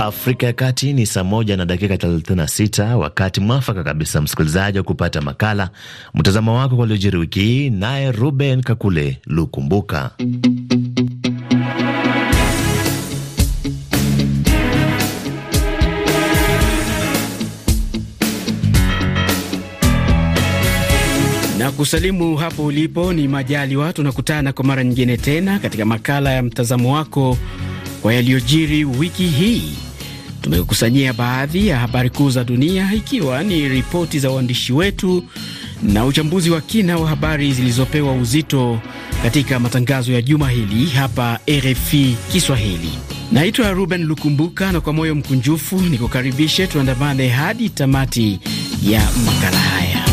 Afrika ya Kati ni saa moja na dakika 36, wakati mwafaka kabisa msikilizaji wa kupata makala mtazamo wako kwa liojiri wiki hii, naye Ruben Kakule Lukumbuka. na kusalimu hapo ulipo ni majaliwa. Tunakutana kwa mara nyingine tena katika makala ya mtazamo wako kwa yaliyojiri wiki hii tumekusanyia baadhi ya habari kuu za dunia, ikiwa ni ripoti za waandishi wetu na uchambuzi wa kina wa habari zilizopewa uzito katika matangazo ya juma hili hapa RFI Kiswahili. Naitwa Ruben Lukumbuka na kwa moyo mkunjufu nikukaribishe tuandamane hadi tamati ya makala haya.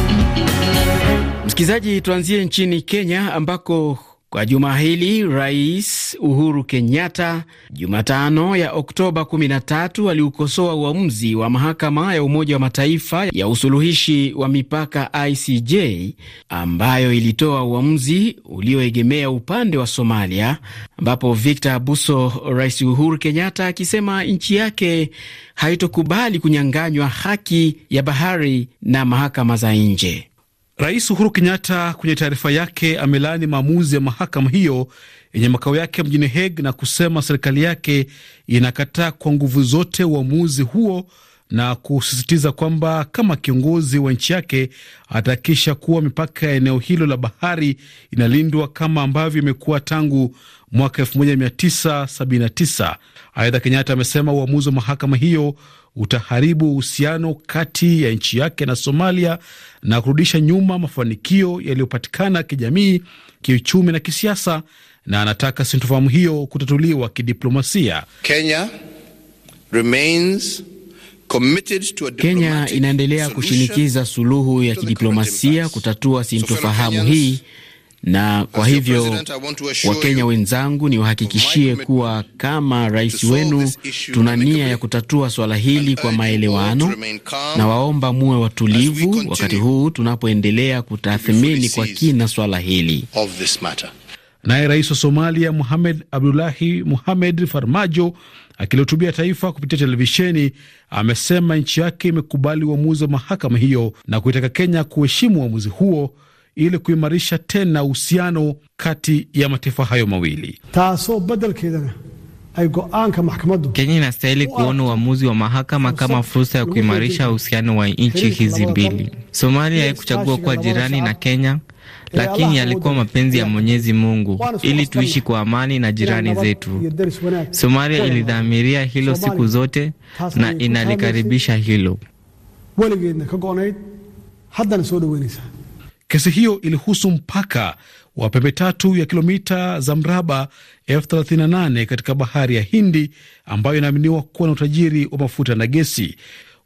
Msikilizaji, tuanzie nchini Kenya ambako kwa juma hili Rais Uhuru Kenyatta Jumatano ya Oktoba 13 aliukosoa uamuzi wa mahakama ya Umoja wa Mataifa ya usuluhishi wa mipaka ICJ ambayo ilitoa uamuzi ulioegemea upande wa Somalia, ambapo Victor Abuso, Rais Uhuru Kenyatta akisema nchi yake haitokubali kunyang'anywa haki ya bahari na mahakama za nje. Rais Uhuru Kenyatta kwenye taarifa yake amelaani maamuzi ya mahakama hiyo yenye makao yake mjini Hague na kusema serikali yake inakataa kwa nguvu zote uamuzi huo na kusisitiza kwamba kama kiongozi wa nchi yake atahakikisha kuwa mipaka ya eneo hilo la bahari inalindwa kama ambavyo imekuwa tangu mwaka 1979. Aidha, Kenyatta amesema uamuzi wa mahakama hiyo utaharibu uhusiano kati ya nchi yake na Somalia na kurudisha nyuma mafanikio yaliyopatikana kijamii, kiuchumi na kisiasa, na anataka sintofahamu hiyo kutatuliwa kidiplomasia. Kenya remains Kenya inaendelea kushinikiza suluhu ya kidiplomasia kutatua sintofahamu hii na kwa hivyo Wakenya wenzangu, niwahakikishie kuwa kama rais wenu tuna nia ya kutatua swala hili kwa maelewano, na waomba muwe watulivu wakati huu tunapoendelea kutathmini kwa kina swala hili. Naye rais wa Somalia muhamed abdulahi muhamed Farmajo akilihutubia taifa kupitia televisheni amesema nchi yake imekubali uamuzi wa mahakama hiyo na kuitaka Kenya kuheshimu uamuzi huo ili kuimarisha tena uhusiano kati ya mataifa hayo mawili. Kenya inastahili kuona uamuzi wa mahakama kama fursa ya kuimarisha uhusiano wa nchi hizi mbili. Somalia haikuchagua kuwa jirani na Kenya, lakini yalikuwa mapenzi ya Mwenyezi Mungu ili tuishi kwa amani na jirani zetu. Somalia ilidhamiria hilo siku zote na inalikaribisha hilo. Kesi hiyo ilihusu mpaka wa pembe tatu ya kilomita za mraba 38 katika bahari ya Hindi ambayo inaaminiwa kuwa na utajiri wa mafuta na gesi.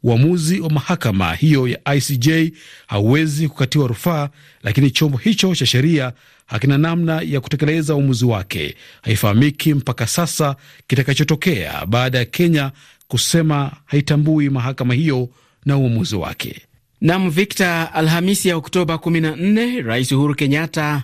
Uamuzi wa mahakama hiyo ya ICJ hauwezi kukatiwa rufaa, lakini chombo hicho cha sheria hakina namna ya kutekeleza uamuzi wake. Haifahamiki mpaka sasa kitakachotokea baada ya Kenya kusema haitambui mahakama hiyo na uamuzi wake. Nam Victor, Alhamisi ya Oktoba 14 Rais Uhuru Kenyatta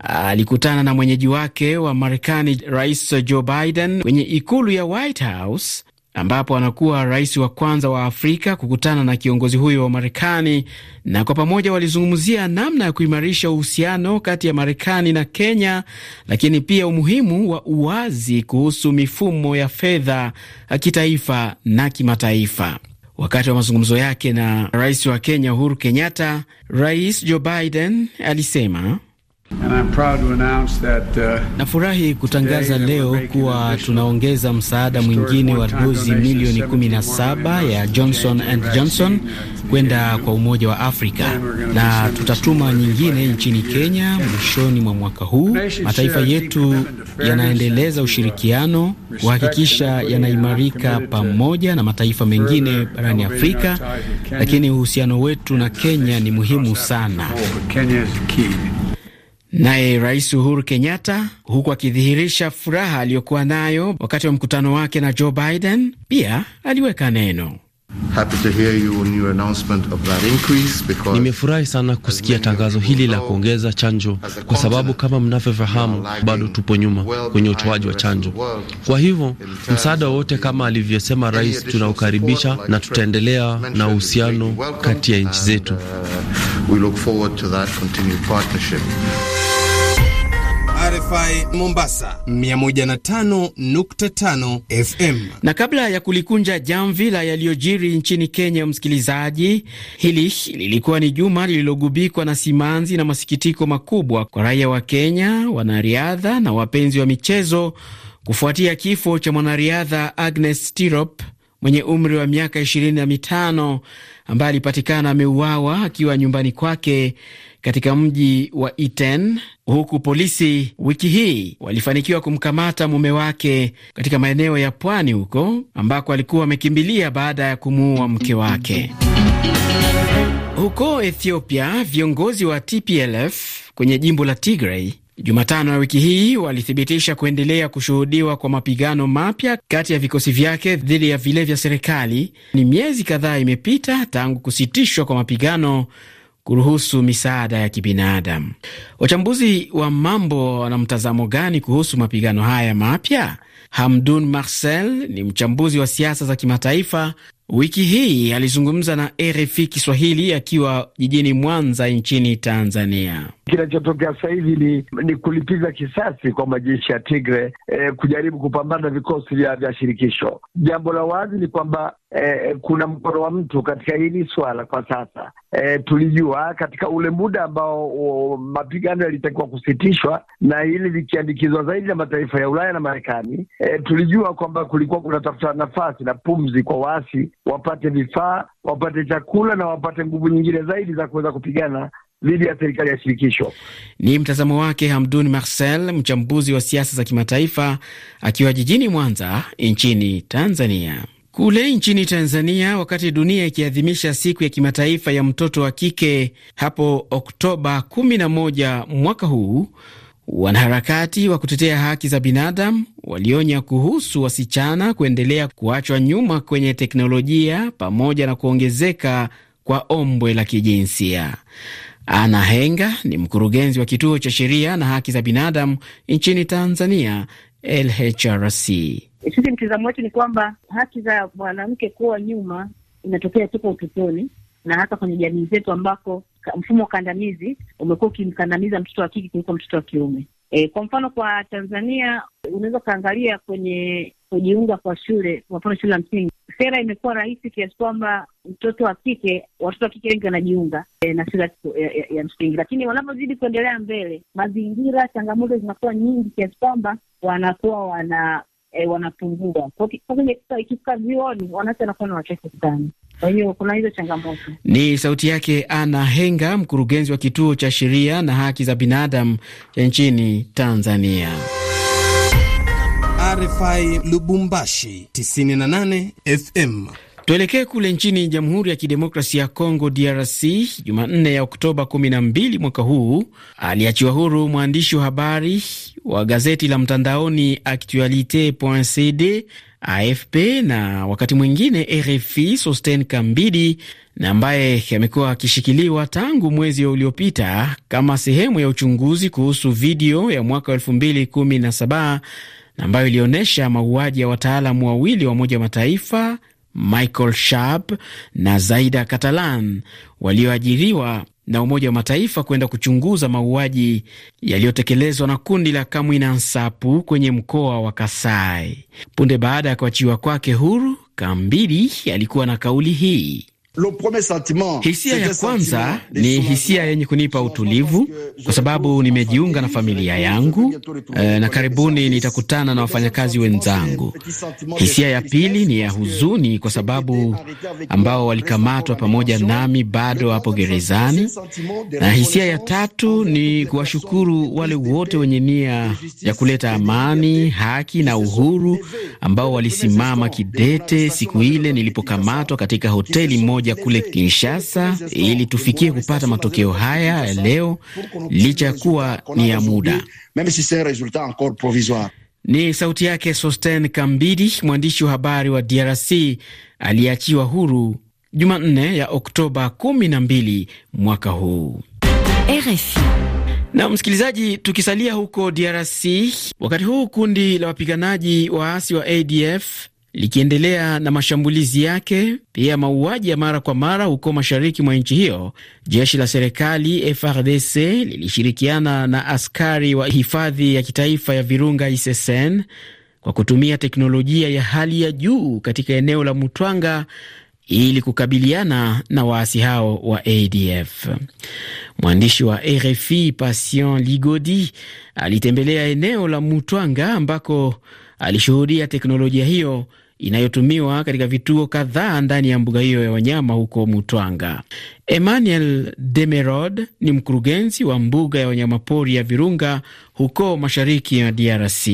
ah, alikutana na mwenyeji wake wa Marekani, Rais Joe Biden kwenye ikulu ya White House, ambapo anakuwa rais wa kwanza wa Afrika kukutana na kiongozi huyo wa Marekani, na kwa pamoja walizungumzia namna ya kuimarisha uhusiano kati ya Marekani na Kenya, lakini pia umuhimu wa uwazi kuhusu mifumo ya fedha kitaifa na kimataifa. Wakati wa mazungumzo yake na rais wa Kenya Uhuru Kenyatta, Rais Joe Biden alisema Uh, Nafurahi kutangaza leo kuwa tunaongeza msaada mwingine wa dozi milioni 17 ya Johnson and Johnson kwenda kwa Umoja wa Afrika na tutatuma nyingine nchini Kenya mwishoni mwa mwaka huu. Mataifa yetu yanaendeleza uh, ushirikiano kuhakikisha yanaimarika pamoja na mataifa mengine barani Afrika, lakini uhusiano wetu na Kenya ni muhimu sana. Naye Rais Uhuru Kenyatta, huku akidhihirisha furaha aliyokuwa nayo wakati wa mkutano wake na Joe Biden, pia aliweka neno. Nimefurahi sana kusikia tangazo hili la kuongeza chanjo, kwa sababu kama mnavyofahamu, bado tupo nyuma kwenye utoaji wa chanjo. Kwa hivyo msaada wowote, kama alivyosema rais, tunaukaribisha na tutaendelea na uhusiano kati ya nchi zetu. Uh, we look forward to that continued partnership. RFI Mombasa 105.5 FM. Na kabla ya kulikunja jamvi la yaliyojiri nchini Kenya, msikilizaji, hili lilikuwa ni juma lililogubikwa na simanzi na masikitiko makubwa kwa raia wa Kenya, wanariadha na wapenzi wa michezo kufuatia kifo cha mwanariadha Agnes Tirop mwenye umri wa miaka 25 ambaye alipatikana ameuawa akiwa nyumbani kwake katika mji wa Iten, huku polisi wiki hii walifanikiwa kumkamata mume wake katika maeneo ya pwani huko ambako alikuwa amekimbilia baada ya kumuua mke wake. Huko Ethiopia, viongozi wa TPLF kwenye jimbo la Tigray Jumatano ya wiki hii walithibitisha kuendelea kushuhudiwa kwa mapigano mapya kati ya vikosi vyake dhidi ya vile vya serikali. Ni miezi kadhaa imepita tangu kusitishwa kwa mapigano kuruhusu misaada ya kibinadamu. Wachambuzi wa mambo wana mtazamo gani kuhusu mapigano haya mapya? Hamdun Marcel ni mchambuzi wa siasa za kimataifa. Wiki hii alizungumza na RFI Kiswahili akiwa jijini Mwanza nchini Tanzania. Kinachotokea sasa hivi ni, ni kulipiza kisasi kwa majeshi ya Tigre eh, kujaribu kupambana vikosi vya, vya shirikisho. Jambo la wazi ni kwamba eh, kuna mkono wa mtu katika hili swala kwa sasa. Eh, tulijua katika ule muda ambao mapigano yalitakiwa kusitishwa na hili likiandikizwa zaidi na mataifa ya Ulaya na Marekani, eh, tulijua kwamba kulikuwa kunatafuta nafasi na pumzi kwa waasi wapate vifaa, wapate chakula na wapate nguvu nyingine zaidi za kuweza kupigana dhidi ya serikali ya shirikisho. Ni mtazamo wake Hamdun Marcel, mchambuzi wa siasa za kimataifa akiwa jijini Mwanza nchini Tanzania. Kule nchini Tanzania, wakati dunia ikiadhimisha siku ya kimataifa ya mtoto wa kike hapo Oktoba 11 mwaka huu, wanaharakati wa kutetea haki za binadamu walionya kuhusu wasichana kuendelea kuachwa nyuma kwenye teknolojia pamoja na kuongezeka kwa ombwe la kijinsia. Ana Henga ni mkurugenzi wa kituo cha sheria na haki za binadamu nchini Tanzania, LHRC. Sisi mtizamo wetu ni kwamba haki za mwanamke kuwa nyuma inatokea tuko utotoni na hata kwenye jamii zetu ambako mfumo wa kandamizi umekuwa ukimkandamiza mtoto wa kike kuliko mtoto wa kiume. E, kwa mfano kwa Tanzania unaweza ukaangalia kwenye kujiunga kwa shule, kwa mfano shule ya msingi sera imekuwa rahisi kiasi kwamba mtoto wa kike, watoto wa kike wengi wanajiunga e, na shule ya, ya, ya msingi, lakini wanapozidi kuendelea mbele, mazingira, changamoto zinakuwa nyingi kiasi kwamba wanakuwa wana e, wanapungua kikaioni vioni, wanawake wanakuwa na wachache sana. Kwa hiyo kuna hizo changamoto. Ni sauti yake Ana Henga, mkurugenzi wa kituo cha sheria na haki za binadamu nchini Tanzania. RFI Lubumbashi 98 FM. Tuelekee kule nchini Jamhuri ya Kidemokrasia ya Kongo, DRC. Jumanne ya Oktoba 12 mwaka huu aliachiwa huru mwandishi wa habari wa gazeti la mtandaoni Actualite.cd, AFP na wakati mwingine RFI, Sosten Kambidi na ambaye amekuwa akishikiliwa tangu mwezi uliopita kama sehemu ya uchunguzi kuhusu video ya mwaka 2017 na ambayo ilionyesha mauaji ya wataalamu wawili wa Umoja wa Mataifa Michael Sharp na Zaida Catalan walioajiriwa na Umoja wa Mataifa kwenda kuchunguza mauaji yaliyotekelezwa na kundi la Kamwina Nsapu kwenye mkoa wa Kasai. Punde baada ya kuachiwa kwake huru, kambidi alikuwa na kauli hii. Hisia ya kwanza ni hisia yenye kunipa utulivu kwa sababu nimejiunga na familia yangu na karibuni nitakutana na wafanyakazi wenzangu. Hisia ya pili ni ya huzuni kwa sababu ambao walikamatwa pamoja nami bado hapo gerezani, na hisia ya tatu ni kuwashukuru wale wote wenye nia ya kuleta amani, haki na uhuru ambao walisimama kidete siku ile nilipokamatwa katika hoteli moja moja kule Kinshasa ili tufikie kupata matokeo haya leo, licha ya kuwa ni ya muda. Ni sauti yake Sosten Kambidi, mwandishi wa habari wa DRC aliyeachiwa huru Jumanne ya Oktoba 12 mwaka huu. RFI na msikilizaji, tukisalia huko DRC, wakati huu kundi la wapiganaji waasi wa ADF likiendelea na mashambulizi yake, pia mauaji ya mara kwa mara huko mashariki mwa nchi hiyo, jeshi la serikali FRDC lilishirikiana na askari wa hifadhi ya kitaifa ya Virunga Isesen kwa kutumia teknolojia ya hali ya juu katika eneo la Mutwanga ili kukabiliana na waasi hao wa ADF. Mwandishi wa RFI Passion Ligodi alitembelea eneo la Mutwanga ambako alishuhudia teknolojia hiyo inayotumiwa katika vituo kadhaa ndani ya mbuga hiyo ya wanyama huko Mutwanga. Emmanuel Demerod ni mkurugenzi wa mbuga ya wanyamapori ya Virunga huko mashariki ya DRC.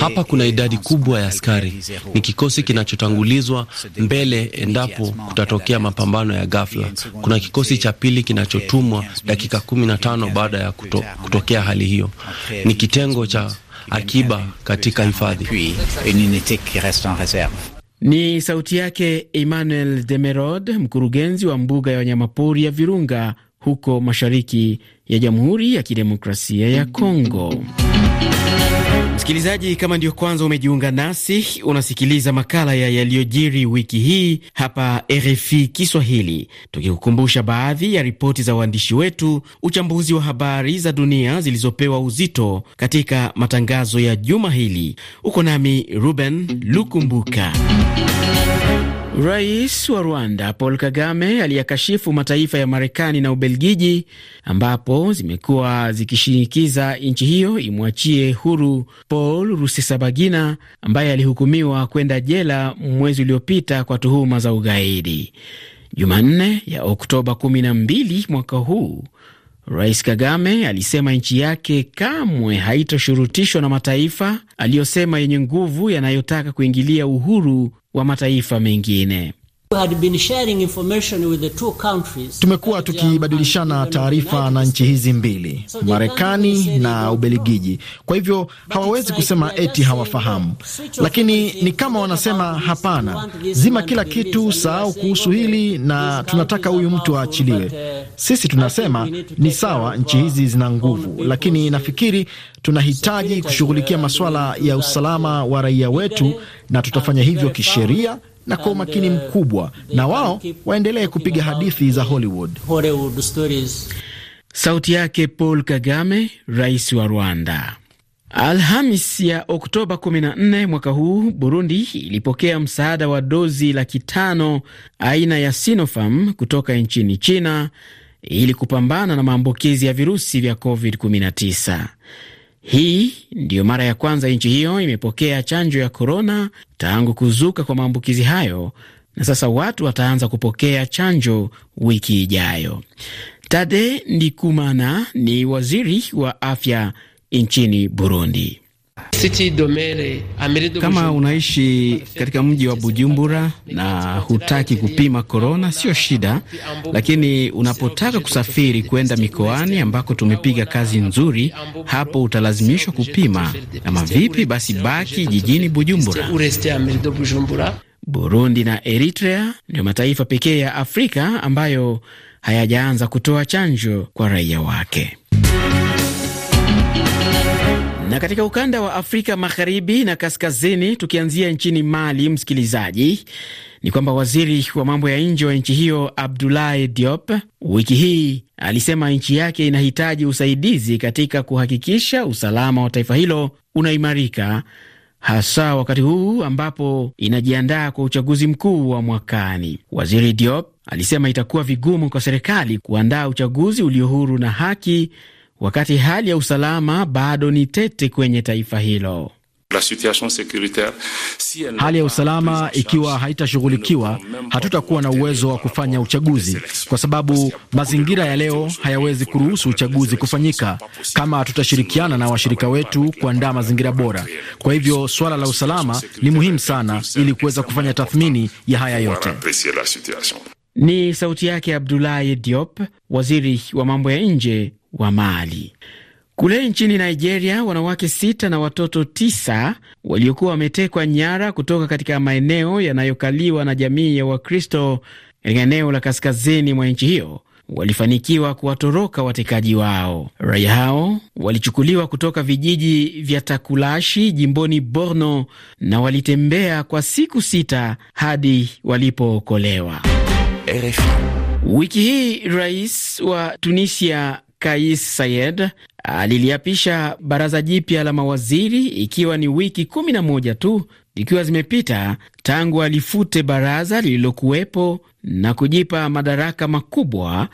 Hapa kuna idadi kubwa ya askari, ni kikosi kinachotangulizwa mbele endapo kutatokea mapambano ya ghafla. Kuna kikosi cha pili kinachotumwa dakika 15 baada ya kuto, kutokea hali hiyo, ni kitengo cha akiba katika hifadhi. Ni sauti yake Emmanuel Demerod, mkurugenzi wa mbuga ya wanyamapori ya Virunga huko mashariki ya Jamhuri ya Kidemokrasia ya Kongo. Msikilizaji, kama ndiyo kwanza umejiunga nasi, unasikiliza makala ya yaliyojiri wiki hii hapa RFI Kiswahili, tukikukumbusha baadhi ya ripoti za waandishi wetu, uchambuzi wa habari za dunia zilizopewa uzito katika matangazo ya juma hili. Uko nami Ruben Lukumbuka. Rais wa Rwanda Paul Kagame aliyakashifu mataifa ya Marekani na Ubelgiji ambapo zimekuwa zikishinikiza nchi hiyo imwachie huru Paul Rusesabagina ambaye alihukumiwa kwenda jela mwezi uliopita kwa tuhuma za ugaidi. Jumanne ya Oktoba 12 mwaka huu, Rais Kagame alisema nchi yake kamwe haitoshurutishwa na mataifa aliyosema yenye nguvu yanayotaka kuingilia uhuru wa mataifa mengine. Tumekuwa tukibadilishana taarifa na nchi hizi mbili, Marekani na Ubelgiji. Kwa hivyo hawawezi kusema eti hawafahamu, lakini ni kama wanasema hapana, zima kila kitu, sahau kuhusu hili na tunataka huyu mtu aachiliwe. Uh, Sisi tunasema ni sawa, nchi hizi zina nguvu, lakini nafikiri tunahitaji kushughulikia masuala ya usalama uh, wa raia wetu na tutafanya hivyo kisheria na kwa umakini mkubwa, na wao waendelee kupiga hadithi za Hollywood. Hollywood stories. Sauti yake Paul Kagame, rais wa Rwanda. Alhamis ya Oktoba 14 mwaka huu, Burundi ilipokea msaada wa dozi laki tano aina ya Sinopharm kutoka nchini China ili kupambana na maambukizi ya virusi vya COVID-19. Hii ndiyo mara ya kwanza nchi hiyo imepokea chanjo ya korona tangu kuzuka kwa maambukizi hayo, na sasa watu wataanza kupokea chanjo wiki ijayo. Tade Ndikumana ni waziri wa afya nchini Burundi. Kama unaishi katika mji wa Bujumbura na hutaki kupima korona, sio shida, lakini unapotaka kusafiri kwenda mikoani ambako tumepiga kazi nzuri, hapo utalazimishwa kupima. Kama vipi basi, baki jijini Bujumbura. Burundi na Eritrea ndio mataifa pekee ya Afrika ambayo hayajaanza kutoa chanjo kwa raia wake. Na katika ukanda wa Afrika magharibi na kaskazini, tukianzia nchini Mali, msikilizaji, ni kwamba waziri wa mambo ya nje wa nchi hiyo Abdoulaye Diop wiki hii alisema nchi yake inahitaji usaidizi katika kuhakikisha usalama wa taifa hilo unaimarika, hasa wakati huu ambapo inajiandaa kwa uchaguzi mkuu wa mwakani. Waziri Diop alisema itakuwa vigumu kwa serikali kuandaa uchaguzi ulio huru na haki wakati hali ya usalama bado ni tete kwenye taifa hilo. Hali ya usalama ikiwa haitashughulikiwa, hatutakuwa na uwezo wa kufanya uchaguzi, kwa sababu mazingira ya leo hayawezi kuruhusu uchaguzi kufanyika kama hatutashirikiana na washirika wetu kuandaa mazingira bora. Kwa hivyo suala la usalama ni muhimu sana, ili kuweza kufanya tathmini ya haya yote. Ni sauti yake Abdoulaye Diop, waziri wa mambo ya nje wa Mali. Kule nchini Nigeria, wanawake sita na watoto tisa waliokuwa wametekwa nyara kutoka katika maeneo yanayokaliwa na jamii ya Wakristo katika eneo la kaskazini mwa nchi hiyo walifanikiwa kuwatoroka watekaji wao. Raia hao walichukuliwa kutoka vijiji vya Takulashi jimboni Borno na walitembea kwa siku sita hadi walipookolewa. RFI. Wiki hii rais wa Tunisia Kais Sayed aliliapisha baraza jipya la mawaziri ikiwa ni wiki kumi na moja tu ikiwa zimepita tangu alifute baraza lililokuwepo na kujipa madaraka makubwa,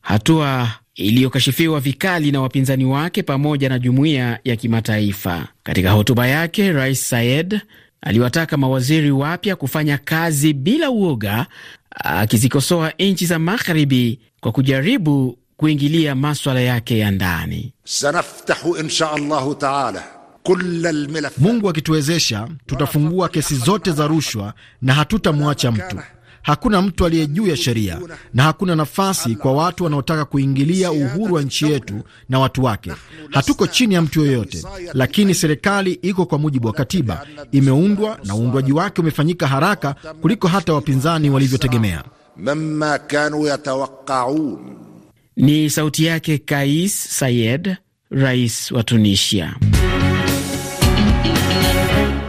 hatua iliyokashifiwa vikali na wapinzani wake pamoja na jumuiya ya kimataifa. Katika hotuba yake, Rais Sayed aliwataka mawaziri wapya kufanya kazi bila uoga akizikosoa nchi za magharibi kwa kujaribu kuingilia maswala yake ya ndani. sanaftahu insha Allahu taala Mungu akituwezesha tutafungua kesi zote za rushwa na hatutamwacha mtu. Hakuna mtu aliye juu ya sheria na hakuna nafasi kwa watu wanaotaka kuingilia uhuru wa nchi yetu na watu wake. Hatuko chini ya mtu yoyote, lakini serikali iko kwa mujibu wa katiba, imeundwa na uundwaji wake umefanyika haraka kuliko hata wapinzani walivyotegemea. Ni sauti yake Kais Sayed, rais wa Tunisia.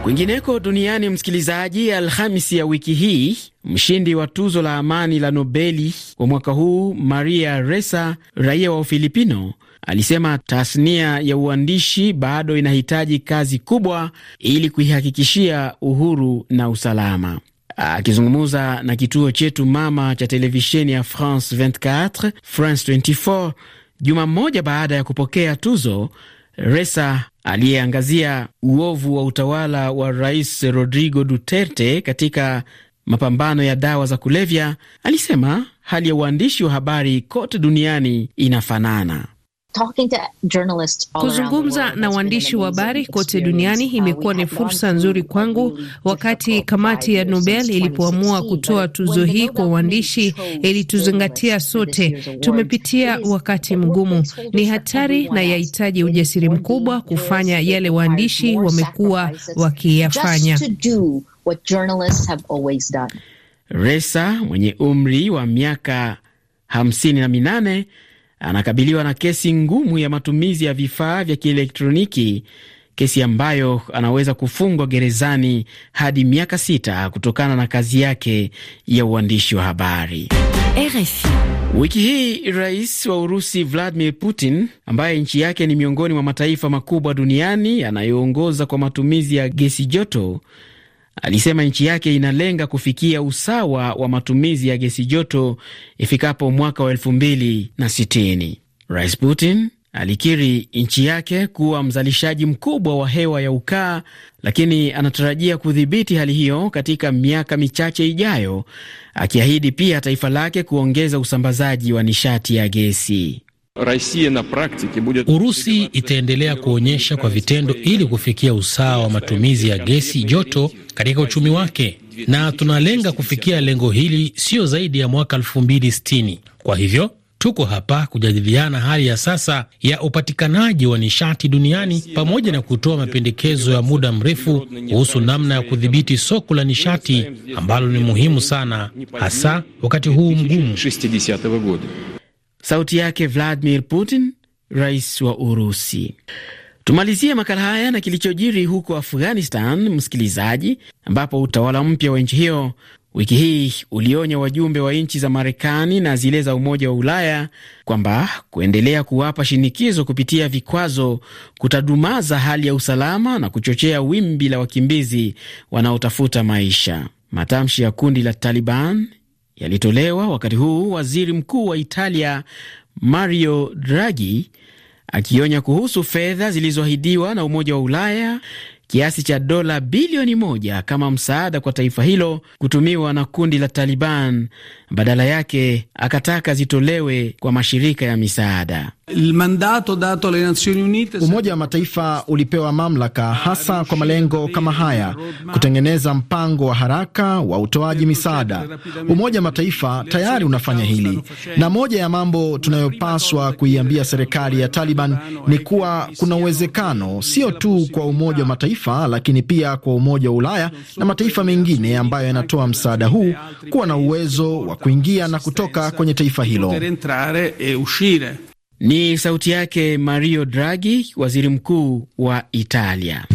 Kwingineko duniani, msikilizaji, Alhamisi ya wiki hii mshindi wa tuzo la amani la Nobeli wa mwaka huu Maria Ressa, raia wa Ufilipino, alisema tasnia ya uandishi bado inahitaji kazi kubwa ili kuihakikishia uhuru na usalama. Akizungumza na kituo chetu mama cha televisheni ya France 24, France 24 juma mmoja baada ya kupokea tuzo, resa aliyeangazia uovu wa utawala wa Rais Rodrigo Duterte katika mapambano ya dawa za kulevya, alisema hali ya uandishi wa habari kote duniani inafanana. Kuzungumza na waandishi wa habari kote duniani uh, imekuwa ni fursa nzuri kwangu. Wakati kamati ya Nobel ilipoamua kutoa tuzo hii kwa waandishi, ilituzingatia sote. Tumepitia wakati mgumu, ni hatari na yahitaji ujasiri mkubwa kufanya yale waandishi wamekuwa wakiyafanya. Resa mwenye umri wa miaka hamsini na minane anakabiliwa na kesi ngumu ya matumizi ya vifaa vya kielektroniki, kesi ambayo anaweza kufungwa gerezani hadi miaka sita kutokana na kazi yake ya uandishi wa habari. RFI. Wiki hii rais wa Urusi Vladimir Putin, ambaye nchi yake ni miongoni mwa mataifa makubwa duniani yanayoongoza kwa matumizi ya gesi joto Alisema nchi yake inalenga kufikia usawa wa matumizi ya gesi joto ifikapo mwaka wa elfu mbili na sitini. Rais Putin alikiri nchi yake kuwa mzalishaji mkubwa wa hewa ya ukaa, lakini anatarajia kudhibiti hali hiyo katika miaka michache ijayo, akiahidi pia taifa lake kuongeza usambazaji wa nishati ya gesi. Urusi itaendelea kuonyesha kwa vitendo ili kufikia usawa wa matumizi ya gesi joto katika uchumi wake, na tunalenga kufikia lengo hili sio zaidi ya mwaka 2060. Kwa hivyo tuko hapa kujadiliana hali ya sasa ya upatikanaji wa nishati duniani pamoja na kutoa mapendekezo ya muda mrefu kuhusu namna ya kudhibiti soko la nishati ambalo ni muhimu sana, hasa wakati huu mgumu. Sauti yake Vladimir Putin, rais wa Urusi. Tumalizie makala haya na kilichojiri huko Afghanistan, msikilizaji, ambapo utawala mpya wa nchi hiyo wiki hii ulionya wajumbe wa nchi za Marekani na zile za Umoja wa Ulaya kwamba kuendelea kuwapa shinikizo kupitia vikwazo kutadumaza hali ya usalama na kuchochea wimbi la wakimbizi wanaotafuta maisha. Matamshi ya kundi la Taliban yalitolewa wakati huu waziri mkuu wa Italia Mario Draghi akionya kuhusu fedha zilizoahidiwa na Umoja wa Ulaya kiasi cha dola bilioni moja kama msaada kwa taifa hilo kutumiwa na kundi la Taliban. Badala yake akataka zitolewe kwa mashirika ya misaada. Umoja wa Mataifa ulipewa mamlaka hasa kwa malengo kama haya, kutengeneza mpango wa haraka wa utoaji misaada. Umoja wa Mataifa tayari unafanya hili, na moja ya mambo tunayopaswa kuiambia serikali ya Taliban ni kuwa kuna uwezekano sio tu kwa Umoja wa Mataifa, lakini pia kwa Umoja wa Ulaya na mataifa mengine ambayo yanatoa msaada huu kuwa na uwezo wa kuingia na kutoka kwenye taifa hilo. Ni sauti yake Mario Draghi, waziri mkuu wa Italia.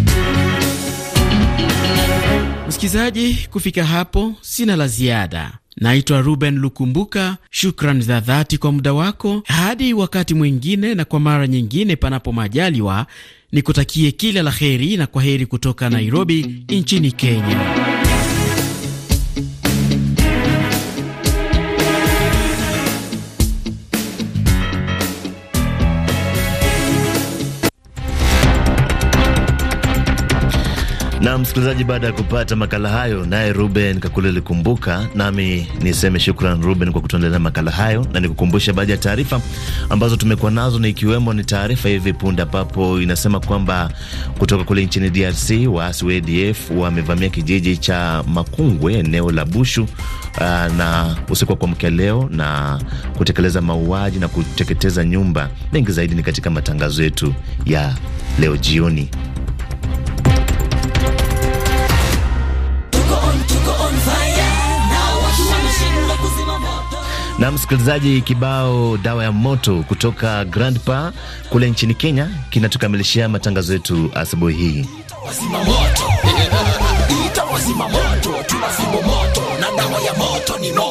Msikilizaji, kufika hapo sina la ziada. Naitwa Ruben Lukumbuka. Shukran za dhati kwa muda wako. Hadi wakati mwingine, na kwa mara nyingine, panapo majaliwa, nikutakie kila la heri na kwa heri kutoka Nairobi nchini Kenya. na msikilizaji, baada ya kupata makala hayo, naye Ruben Kakule likumbuka, nami niseme shukran Ruben kwa kutuendelea makala hayo, na nikukumbusha baadhi ya taarifa ambazo tumekuwa nazo, ni ikiwemo ni taarifa hivi punde ambapo inasema kwamba kutoka kule nchini DRC waasi wa ADF wamevamia kijiji cha Makungwe eneo la Bushu na usiku wa kuamkia leo na kutekeleza mauaji na kuteketeza nyumba mengi. Zaidi ni katika matangazo yetu ya leo jioni. na msikilizaji, kibao dawa ya moto kutoka Grandpa kule nchini Kenya kinatukamilishia matangazo yetu asubuhi hii. Moto. Moto. Tunazima moto na dawa ya moto ni no.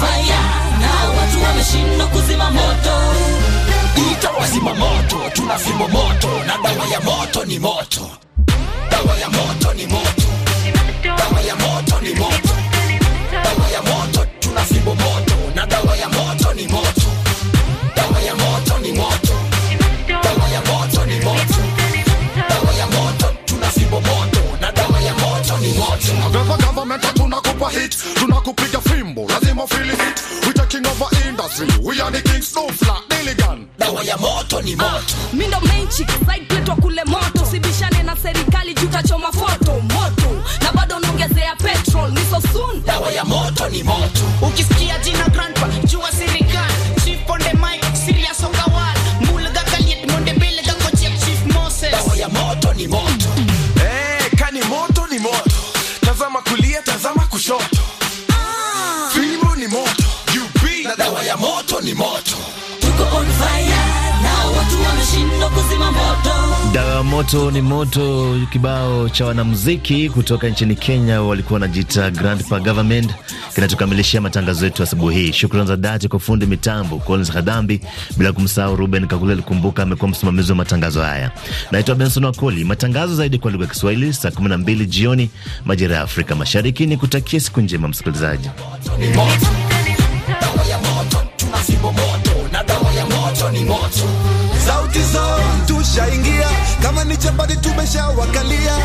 fire na watu wameshindwa kuzima moto itawazima moto tuna fimbo moto na dawa ya moto ni moto dawa ya moto ni moto tazama kulia, tazama kushoto. Ah. Fimbo ni moto, UB na dawa ya moto ni moto. Tuko on fire. Dawa moto ni moto, kibao cha wanamuziki kutoka nchini Kenya walikuwa wanajiita Grandpa Government kinachokamilishia matangazo yetu asubuhi hii. Shukrani za dhati kwa fundi mitambo Collins Hadambi, bila kumsahau Ruben Kakule alikumbuka amekuwa msimamizi wa matangazo haya. Naitwa Benson Wakoli. Matangazo zaidi kwa lugha ya Kiswahili saa 12 jioni majira ya Afrika Mashariki. Ni kutakia siku njema msikilizaji. Sauti zao tushaingia, kama ni chapati tumeshawakalia